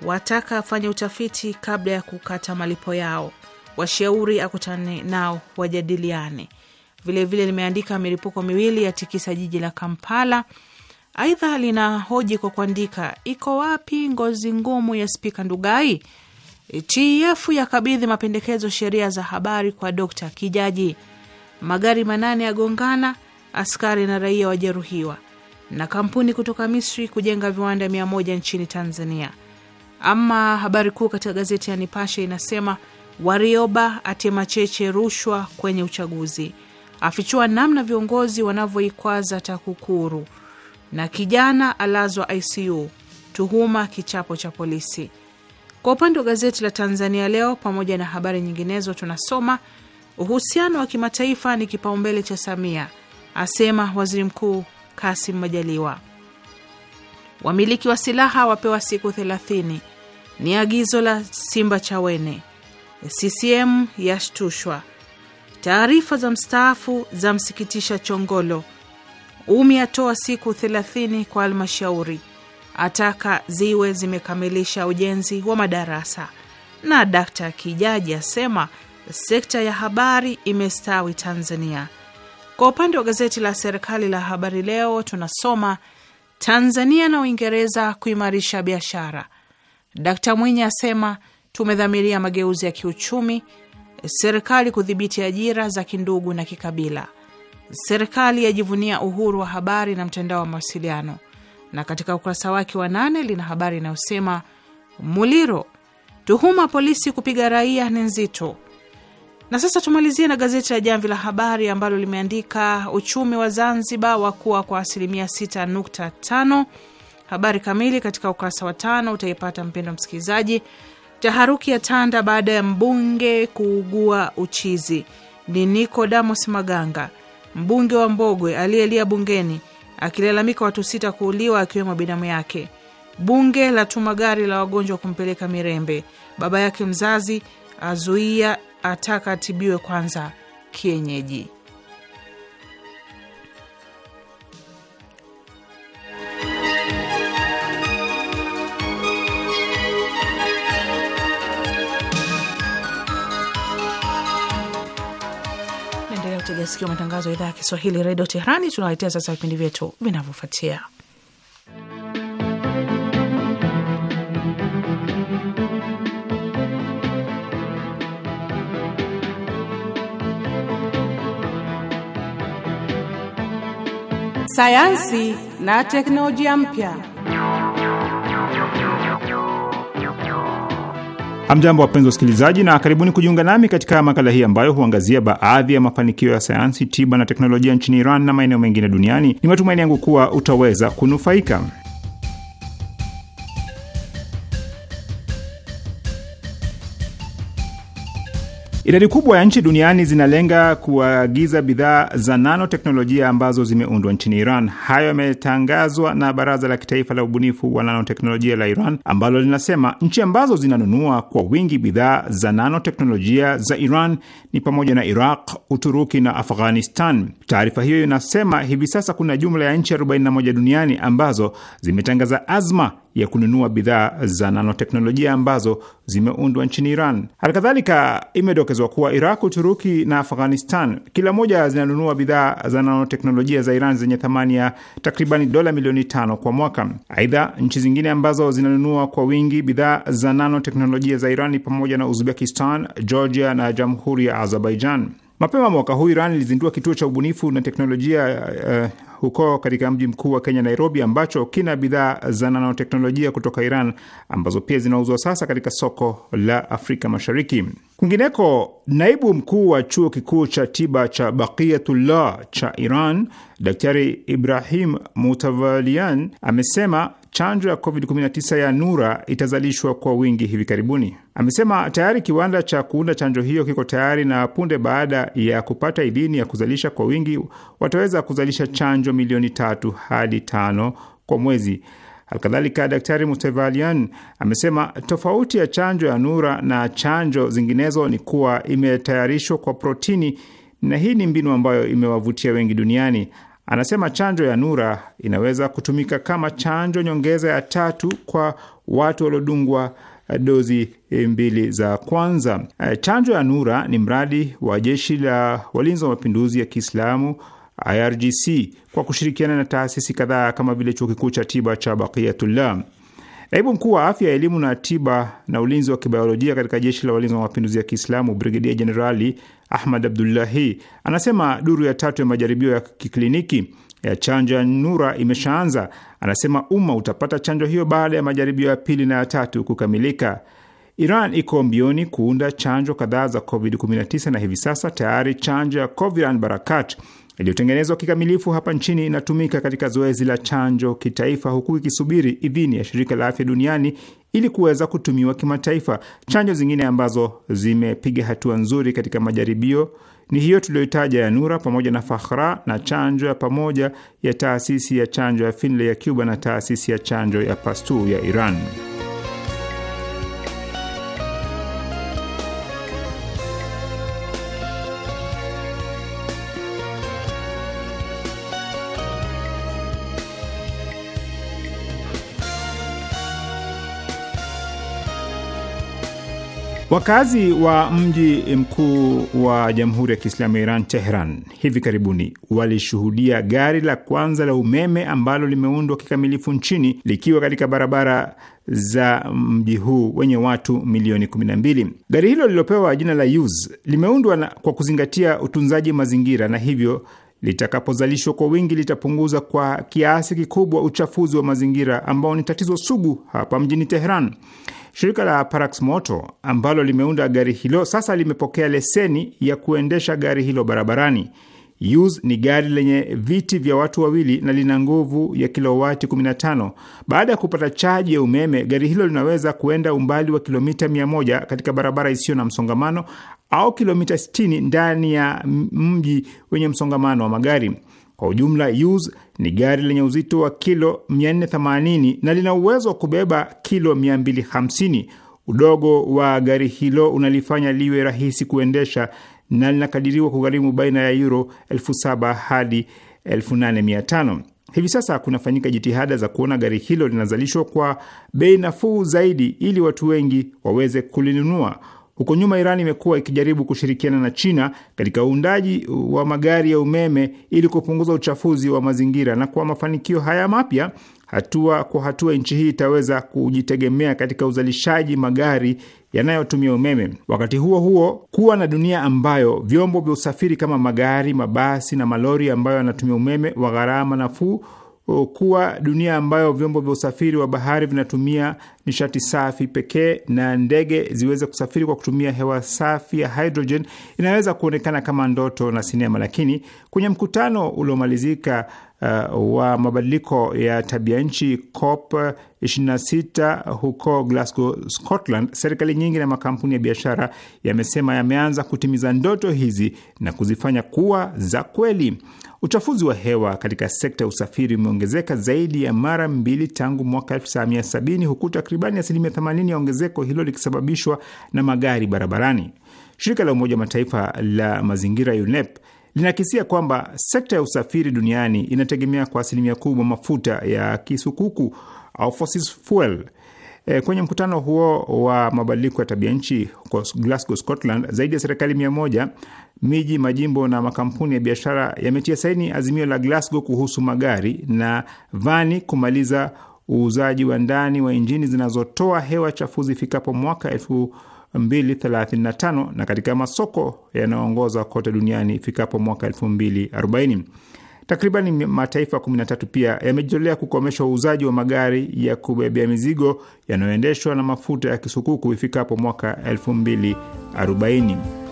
Wataka afanye utafiti kabla ya kukata malipo yao. Washauri akutane nao wajadiliane. Vilevile limeandika milipuko miwili ya tikisa jiji la Kampala. Aidha lina hoji kwa kuandika, iko wapi ngozi ngumu ya spika Ndugai? TF yakabidhi mapendekezo sheria za habari kwa Dkt Kijaji. Magari manane yagongana, askari na raia wajeruhiwa, na kampuni kutoka Misri kujenga viwanda mia moja nchini Tanzania. Ama habari kuu katika gazeti ya Nipashe inasema Warioba atemacheche rushwa kwenye uchaguzi, afichua namna viongozi wanavyoikwaza TAKUKURU, na kijana alazwa ICU tuhuma kichapo cha polisi. Kwa upande wa gazeti la Tanzania Leo, pamoja na habari nyinginezo, tunasoma uhusiano wa kimataifa ni kipaumbele cha Samia asema waziri mkuu Kasim Majaliwa. Wamiliki wa silaha wapewa siku 30, ni agizo la Simba Chawene. CCM yashtushwa. Taarifa za mstaafu za msikitisha Chongolo. Umi atoa siku 30 kwa halmashauri, ataka ziwe zimekamilisha ujenzi wa madarasa. Na Dakta Kijaji asema sekta ya habari imestawi Tanzania. Kwa upande wa gazeti la serikali la Habari Leo tunasoma Tanzania na Uingereza kuimarisha biashara. Dkt Mwinyi asema tumedhamiria mageuzi ya kiuchumi. Serikali kudhibiti ajira za kindugu na kikabila. Serikali yajivunia uhuru wa habari na mtandao wa mawasiliano. Na katika ukurasa wake wa nane lina habari inayosema Muliro, tuhuma polisi kupiga raia ni nzito, na sasa tumalizie na gazeti la Jamvi la Habari ambalo limeandika uchumi wa Zanzibar wakuwa kwa asilimia 6.5. Habari kamili katika ukurasa wa tano utaipata mpendo msikilizaji. Taharuki ya tanda baada ya mbunge kuugua uchizi. Ni Nikodamos Maganga, mbunge wa Mbogwe, aliyelia bungeni akilalamika watu sita kuuliwa akiwemo binamu yake. Bunge la tuma gari la wagonjwa kumpeleka Mirembe. Baba yake mzazi azuia ataka atibiwe kwanza kienyeji. Naendelea kutegea sikio matangazo ya idhaa ya Kiswahili, Redio Teherani. Tunawaletea sasa vipindi vyetu vinavyofuatia. sayansi na teknolojia mpya. Hamjambo, wapenzi wasikilizaji, na karibuni kujiunga nami katika makala hii ambayo huangazia baadhi ya mafanikio ya sayansi, tiba na teknolojia nchini Iran na maeneo mengine duniani. Ni matumaini yangu kuwa utaweza kunufaika. Idadi kubwa ya nchi duniani zinalenga kuagiza bidhaa za nanoteknolojia ambazo zimeundwa nchini Iran. Hayo yametangazwa na Baraza la Kitaifa la Ubunifu wa Nanoteknolojia la Iran ambalo linasema nchi ambazo zinanunua kwa wingi bidhaa za nanoteknolojia za Iran ni pamoja na Iraq, Uturuki na Afghanistan. Taarifa hiyo inasema hivi sasa kuna jumla ya nchi 41 duniani ambazo zimetangaza azma ya kununua bidhaa za nanoteknolojia ambazo zimeundwa nchini Iran. Halikadhalika, imedokezwa kuwa Iraq, Uturuki na Afghanistan kila moja zinanunua bidhaa za nanoteknolojia za Iran zenye thamani ya takribani dola milioni tano kwa mwaka. Aidha, nchi zingine ambazo zinanunua kwa wingi bidhaa za nanoteknolojia za Iran ni pamoja na Uzbekistan, Georgia na jamhuri ya Azerbaijan. Mapema mwaka huu Iran ilizindua kituo cha ubunifu na teknolojia uh, huko katika mji mkuu wa Kenya, Nairobi, ambacho kina bidhaa za nanoteknolojia kutoka Iran ambazo pia zinauzwa sasa katika soko la Afrika Mashariki. Kwingineko, naibu mkuu wa chuo kikuu cha tiba cha Baqiyatullah cha Iran, Daktari Ibrahim Mutavalian amesema chanjo ya COVID-19 ya Nura itazalishwa kwa wingi hivi karibuni. Amesema tayari kiwanda cha kuunda chanjo hiyo kiko tayari na punde baada ya kupata idhini ya kuzalisha kwa wingi wataweza kuzalisha chanjo milioni tatu hadi tano kwa mwezi. Alkadhalika, Daktari Mustevalian amesema tofauti ya chanjo ya Nura na chanjo zinginezo ni kuwa imetayarishwa kwa protini na hii ni mbinu ambayo imewavutia wengi duniani. Anasema chanjo ya Nura inaweza kutumika kama chanjo nyongeza ya tatu kwa watu waliodungwa eh, dozi eh, mbili za kwanza. Eh, chanjo ya Nura ni mradi wa jeshi la walinzi wa mapinduzi ya Kiislamu IRGC kwa kushirikiana na taasisi kadhaa kama vile chuo kikuu cha tiba cha Baqiyatullah. Naibu mkuu wa afya ya elimu na tiba na ulinzi wa kibiolojia katika jeshi la walinzi wa mapinduzi ya Kiislamu, Brigedia Jenerali Ahmad Abdullahi anasema duru ya tatu ya majaribio ya kikliniki ya chanjo ya Nura imeshaanza. Anasema umma utapata chanjo hiyo baada ya majaribio ya pili na ya tatu kukamilika. Iran iko mbioni kuunda chanjo kadhaa za COVID-19 na hivi sasa tayari chanjo ya Coviran Barakat iliyotengenezwa kikamilifu hapa nchini inatumika katika zoezi la chanjo kitaifa, huku ikisubiri idhini ya shirika la afya duniani ili kuweza kutumiwa kimataifa. Chanjo zingine ambazo zimepiga hatua nzuri katika majaribio ni hiyo tuliyoitaja ya Nura pamoja na Fakhra na chanjo ya pamoja ya taasisi ya chanjo ya Finlay ya Cuba na taasisi ya chanjo ya Pasteur ya Iran. Wakazi wa mji mkuu wa Jamhuri ya Kiislamu ya Iran, Tehran, hivi karibuni walishuhudia gari la kwanza la umeme ambalo limeundwa kikamilifu nchini likiwa katika barabara za mji huu wenye watu milioni 12. Gari hilo lililopewa jina la Yuz limeundwa na, kwa kuzingatia utunzaji mazingira na hivyo litakapozalishwa kwa wingi litapunguza kwa kiasi kikubwa uchafuzi wa mazingira ambao ni tatizo sugu hapa mjini Tehran. Shirika la parax moto ambalo limeunda gari hilo sasa limepokea leseni ya kuendesha gari hilo barabarani. Use ni gari lenye viti vya watu wawili na lina nguvu ya kilowati 15. Baada ya kupata chaji ya umeme, gari hilo linaweza kuenda umbali wa kilomita 100 katika barabara isiyo na msongamano au kilomita 60 ndani ya mji wenye msongamano wa magari. Kwa ujumla Yuz ni gari lenye uzito wa kilo 480 na lina uwezo wa kubeba kilo 250. Udogo wa gari hilo unalifanya liwe rahisi kuendesha na linakadiriwa kugharimu baina ya euro 7000 hadi 8500. Hivi sasa kunafanyika jitihada za kuona gari hilo linazalishwa kwa bei nafuu zaidi ili watu wengi waweze kulinunua. Huko nyuma Iran imekuwa ikijaribu kushirikiana na China katika uundaji wa magari ya umeme ili kupunguza uchafuzi wa mazingira, na kwa mafanikio haya mapya, hatua kwa hatua, nchi hii itaweza kujitegemea katika uzalishaji magari yanayotumia umeme. Wakati huo huo, kuwa na dunia ambayo vyombo vya usafiri kama magari, mabasi na malori ambayo yanatumia umeme wa gharama nafuu kuwa dunia ambayo vyombo vya usafiri wa bahari vinatumia nishati safi pekee na ndege ziweze kusafiri kwa kutumia hewa safi ya hydrogen inaweza kuonekana kama ndoto na sinema, lakini kwenye mkutano uliomalizika uh, wa mabadiliko ya tabia nchi COP 26 uh, huko Glasgow, Scotland, serikali nyingi na makampuni ya biashara yamesema yameanza kutimiza ndoto hizi na kuzifanya kuwa za kweli. Uchafuzi wa hewa katika sekta ya usafiri umeongezeka zaidi ya mara mbili tangu mwaka 1970 huku takribani asilimia 80 ya ongezeko hilo likisababishwa na magari barabarani. Shirika la Umoja wa Mataifa la mazingira UNEP linakisia kwamba sekta ya usafiri duniani inategemea kwa asilimia kubwa mafuta ya kisukuku au fossil fuel. E, kwenye mkutano huo wa mabadiliko ya tabia nchi huko Glasgow, Scotland, zaidi ya serikali mia moja, miji, majimbo na makampuni ya biashara yametia saini azimio la Glasgow kuhusu magari na vani kumaliza uuzaji wa ndani wa injini zinazotoa hewa chafuzi ifikapo mwaka elfu 2035 na katika masoko yanayoongoza kote duniani ifikapo mwaka 2040. Takriban mataifa 13 pia yamejitolea kukomesha uuzaji wa magari ya kubebea mizigo yanayoendeshwa na mafuta ya kisukuku ifikapo mwaka 2040.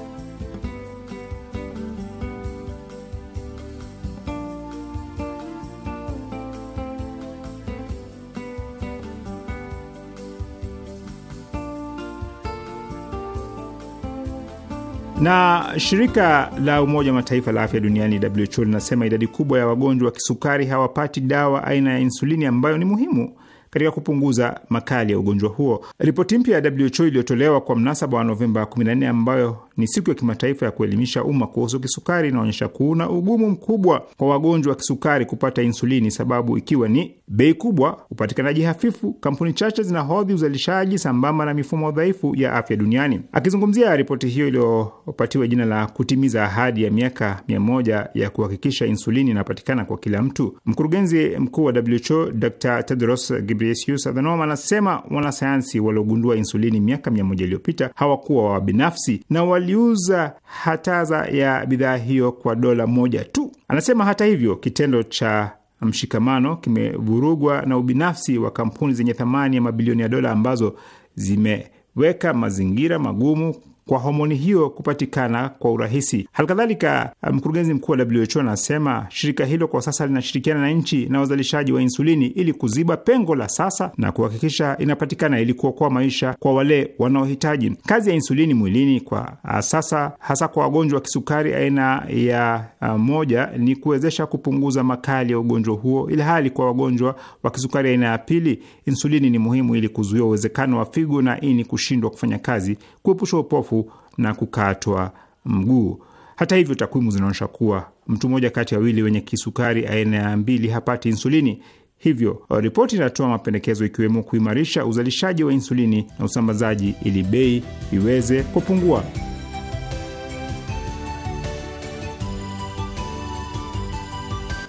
Na shirika la Umoja wa Mataifa la afya duniani WHO linasema idadi kubwa ya wagonjwa wa kisukari hawapati dawa aina ya insulini ambayo ni muhimu katika kupunguza makali ya ugonjwa huo. Ripoti mpya ya WHO iliyotolewa kwa mnasaba wa Novemba 14 ambayo ni siku ya kimataifa ya kuelimisha umma kuhusu kisukari, inaonyesha kuna ugumu mkubwa kwa wagonjwa wa kisukari kupata insulini, sababu ikiwa ni bei kubwa, upatikanaji hafifu, kampuni chache zinahodhi uzalishaji sambamba na mifumo dhaifu ya afya duniani. Akizungumzia ripoti hiyo iliyopatiwa jina la kutimiza ahadi ya miaka mia moja ya kuhakikisha insulini inapatikana kwa kila mtu, mkurugenzi mkuu wa WHO Dr Tedros Ghebreyesus Adhanom anasema wanasayansi waliogundua insulini miaka mia moja iliyopita hawakuwa binafsi na wali aliuza hataza ya bidhaa hiyo kwa dola moja tu. Anasema hata hivyo, kitendo cha mshikamano kimevurugwa na ubinafsi wa kampuni zenye thamani ya mabilioni ya dola ambazo zimeweka mazingira magumu kwa homoni hiyo kupatikana kwa urahisi. Halikadhalika, mkurugenzi mkuu wa WHO anasema shirika hilo kwa sasa linashirikiana na nchi na wazalishaji wa insulini ili kuziba pengo la sasa na kuhakikisha inapatikana ili kuokoa maisha kwa wale wanaohitaji. Kazi ya insulini mwilini kwa sasa, hasa kwa wagonjwa wa kisukari aina ya uh, moja, ni kuwezesha kupunguza makali ya ugonjwa huo, ilhali kwa wagonjwa wa kisukari aina ya pili insulini ni muhimu ili kuzuia uwezekano wa figo na ini kushindwa kufanya kazi, kuepusha upofu mkufu na kukatwa mguu. Hata hivyo, takwimu zinaonyesha kuwa mtu mmoja kati ya wawili wenye kisukari aina ya mbili hapati insulini. Hivyo ripoti inatoa mapendekezo ikiwemo kuimarisha uzalishaji wa insulini na usambazaji ili bei iweze kupungua.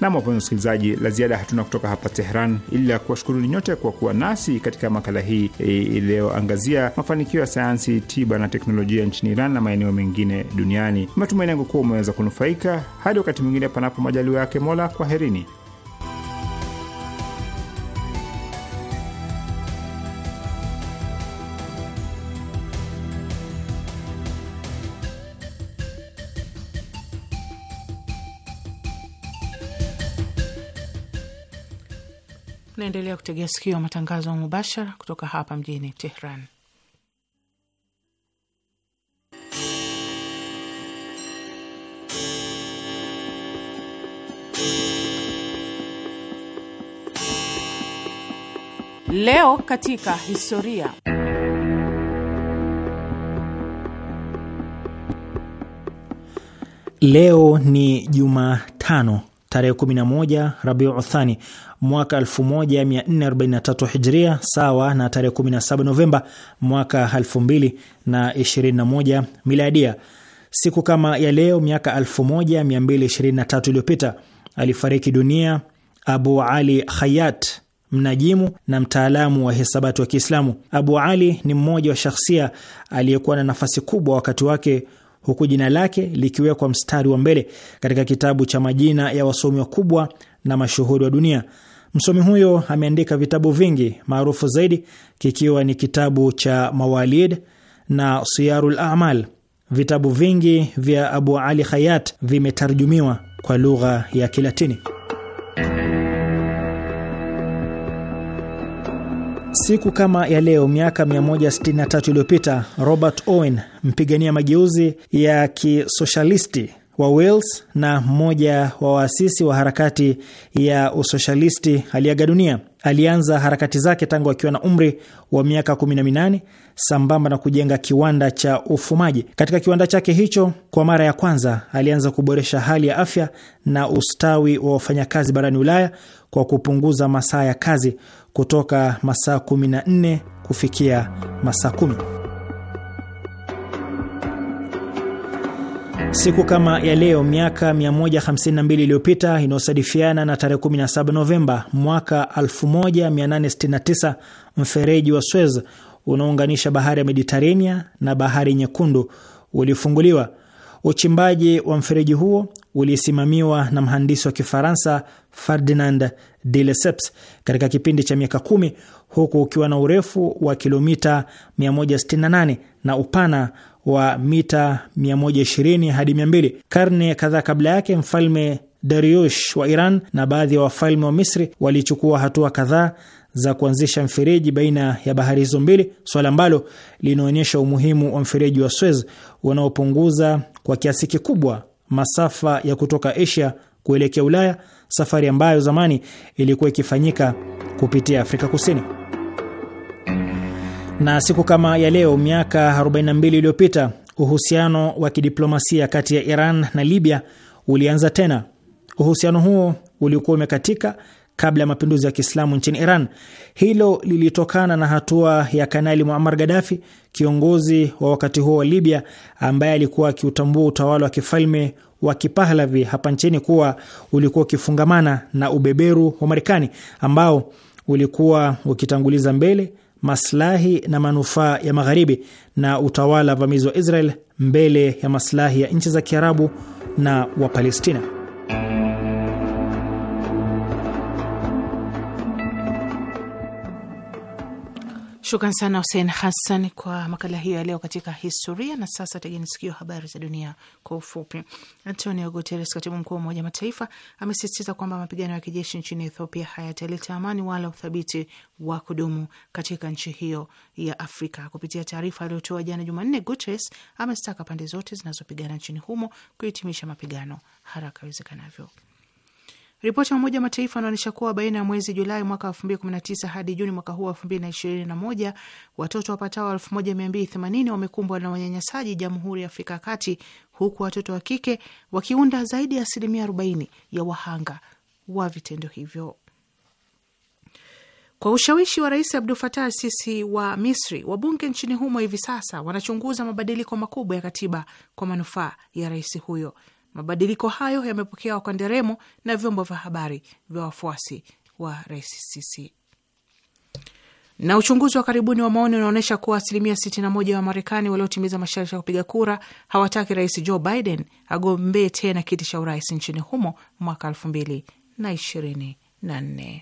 Nam, wapenzi msikilizaji, la ziada hatuna kutoka hapa Tehran ila kuwashukuruni nyote kwa kuwa nasi katika makala hii e, iliyoangazia mafanikio ya sayansi, tiba na teknolojia nchini Iran na maeneo mengine duniani. Matumaini yangu kuwa umeweza kunufaika. Hadi wakati mwingine, panapo majaliwa yake Mola, kwaherini. Naendelea kutegea sikio matangazo mubashara kutoka hapa mjini Tehran. Leo katika historia. Leo ni Jumatano tarehe 11 Rabiu Uthani mwaka 1443 Hijria, sawa na tarehe 17 Novemba mwaka 2021 Miladia. Siku kama ya leo miaka 1223 iliyopita alifariki dunia Abu Ali khayat mnajimu na mtaalamu wa hisabati wa Kiislamu. Abu Ali ni mmoja wa shakhsia aliyekuwa na nafasi kubwa wakati wake huku jina lake likiwekwa mstari wa mbele katika kitabu cha majina ya wasomi wakubwa na mashuhuri wa dunia. Msomi huyo ameandika vitabu vingi, maarufu zaidi kikiwa ni kitabu cha Mawalid na Siyarul Amal. Vitabu vingi vya Abu Ali Hayat vimetarjumiwa kwa lugha ya Kilatini. Siku kama ya leo miaka 163 iliyopita Robert Owen, mpigania mageuzi ya kisoshalisti wa Wales na mmoja wa waasisi wa harakati ya usoshalisti aliaga dunia. Alianza harakati zake tangu akiwa na umri wa miaka 18 sambamba na kujenga kiwanda cha ufumaji. Katika kiwanda chake hicho, kwa mara ya kwanza alianza kuboresha hali ya afya na ustawi wa wafanyakazi barani Ulaya kwa kupunguza masaa ya kazi kutoka masaa 14 kufikia masaa 10. Siku kama ya leo miaka 152 iliyopita inayosadifiana na tarehe 17 Novemba mwaka 1869, mfereji wa Suez unaounganisha bahari ya Mediterania na bahari Nyekundu ulifunguliwa. Uchimbaji wa mfereji huo ulisimamiwa na mhandisi wa Kifaransa Ferdinand de Lesseps katika kipindi cha miaka kumi huku ukiwa na urefu wa kilomita 168 na upana wa mita 120 hadi 200. Karne kadhaa kabla yake, mfalme Dariush wa Iran na baadhi ya wa wafalme wa Misri walichukua hatua kadhaa za kuanzisha mfereji baina ya bahari hizo mbili, swala ambalo linaonyesha umuhimu wa mfereji wa Suez unaopunguza kwa kiasi kikubwa masafa ya kutoka Asia kuelekea Ulaya, safari ambayo zamani ilikuwa ikifanyika kupitia Afrika Kusini. Na siku kama ya leo miaka 42 iliyopita uhusiano wa kidiplomasia kati ya Iran na Libya ulianza tena. Uhusiano huo ulikuwa umekatika kabla ya mapinduzi ya Kiislamu nchini Iran. Hilo lilitokana na hatua ya Kanali Muammar Gaddafi, kiongozi wa wakati huo wa Libya, ambaye alikuwa akiutambua utawala wa kifalme wa Kipahlavi hapa nchini kuwa ulikuwa ukifungamana na ubeberu wa Marekani ambao ulikuwa ukitanguliza mbele maslahi na manufaa ya Magharibi na utawala vamizi wa Israel mbele ya maslahi ya nchi za Kiarabu na Wapalestina. Shukran sana Hussein Hassan kwa makala hiyo ya leo katika historia. Na sasa tegeni sikio, habari za dunia kwa ufupi. Antonio Guterres, katibu mkuu wa Umoja wa Mataifa, amesisitiza kwamba mapigano ya kijeshi nchini Ethiopia hayataleta amani wala uthabiti wa kudumu katika nchi hiyo ya Afrika. Kupitia taarifa aliyotoa jana Jumanne, Guterres amezitaka pande zote zinazopigana nchini humo kuhitimisha mapigano haraka iwezekanavyo. Ripoti ya Umoja wa Mataifa inaonyesha kuwa baina ya mwezi Julai mwaka 2019 hadi Juni mwaka huu 2021 watoto wapatao 1280 wamekumbwa na wanyanyasaji Jamhuri ya Afrika ya Kati, huku watoto wa kike wakiunda zaidi ya asilimia 40 ya wahanga wa vitendo hivyo. Kwa ushawishi wa Rais Abdul Fatah Sisi wa Misri, wabunge nchini humo hivi sasa wanachunguza mabadiliko makubwa ya katiba kwa manufaa ya rais huyo. Mabadiliko hayo yamepokewa kwa nderemo na vyombo vya habari vya wafuasi wa rais Sisi. Na uchunguzi wa karibuni wa maoni unaonyesha kuwa asilimia 61 ya Wamarekani waliotimiza masharti ya kupiga kura hawataki Rais Joe Biden agombee tena kiti cha urais nchini humo mwaka 2024.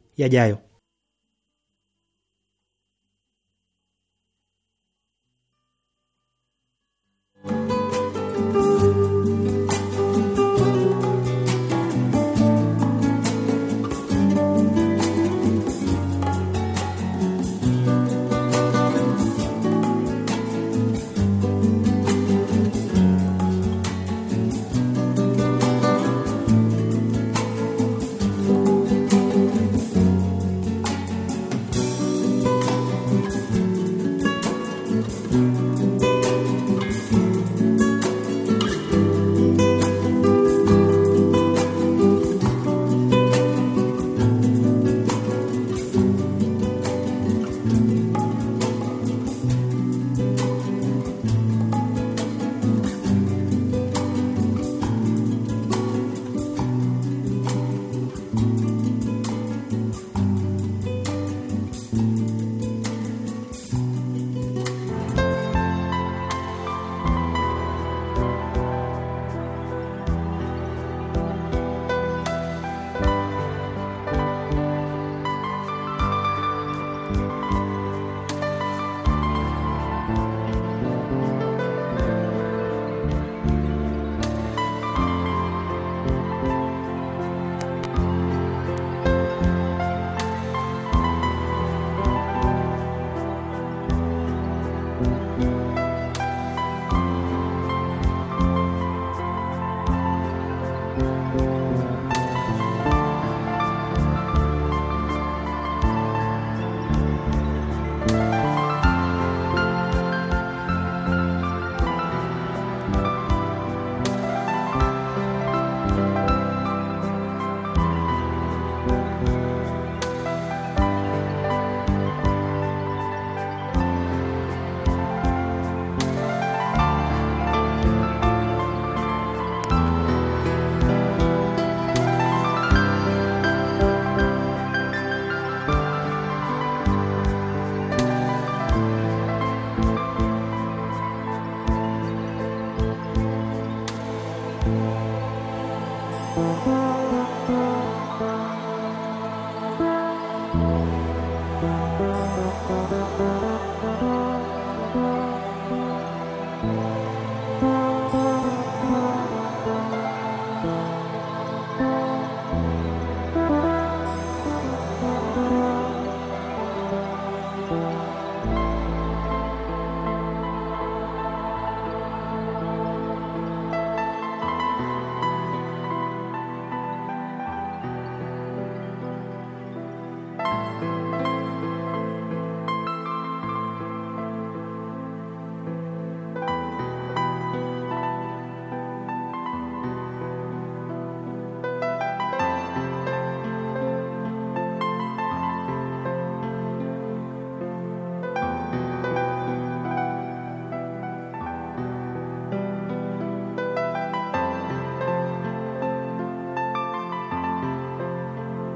yajayo.